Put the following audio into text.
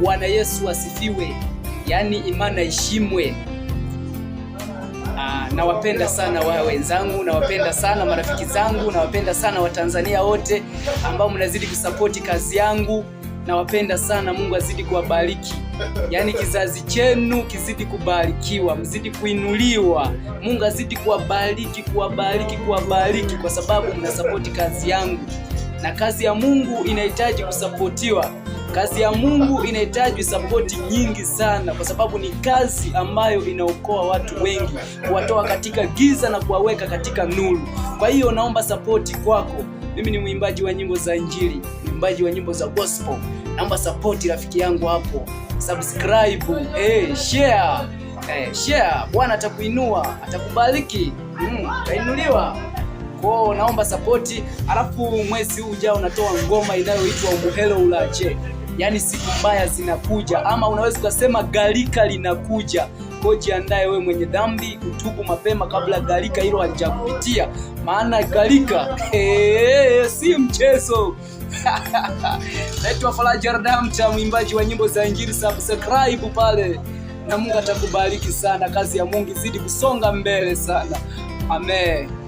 Bwana Yesu asifiwe, yaani imani ishimwe. Aa, ah, nawapenda sana wa wenzangu, nawapenda sana marafiki zangu, nawapenda sana Watanzania wote ambao mnazidi kusapoti kazi yangu, nawapenda sana. Mungu azidi kuwabariki, yaani kizazi chenu kizidi kubarikiwa, mzidi kuinuliwa, Mungu azidi kuwabariki, kuwabariki, kuwabariki kwa sababu mnasapoti kazi yangu, na kazi ya Mungu inahitaji kusapotiwa. Kazi ya Mungu inahitaji sapoti nyingi sana, kwa sababu ni kazi ambayo inaokoa watu wengi, kuwatoa katika giza na kuwaweka katika nuru. Kwa hiyo naomba sapoti kwako. Mimi ni mwimbaji wa nyimbo za Injili, mwimbaji wa nyimbo za gospel. Naomba sapoti rafiki yangu hapo, subscribe, eh, share, eh, share. Bwana atakuinua, atakubariki, utainuliwa mm, kwao naomba sapoti. Alafu mwezi huu ujao unatoa ngoma inayoitwa Umuhelo Ulache yani siku mbaya zinakuja, ama unaweza ukasema gharika linakuja. Kwa jiandae wewe mwenye dhambi utubu mapema kabla gharika hilo halijakupitia, maana gharika hey, si mchezo. Naitwa Faraja Ardamta, mwimbaji wa nyimbo za Injili. Subscribe pale na Mungu atakubariki sana, kazi ya Mungu izidi kusonga mbele sana. Amen.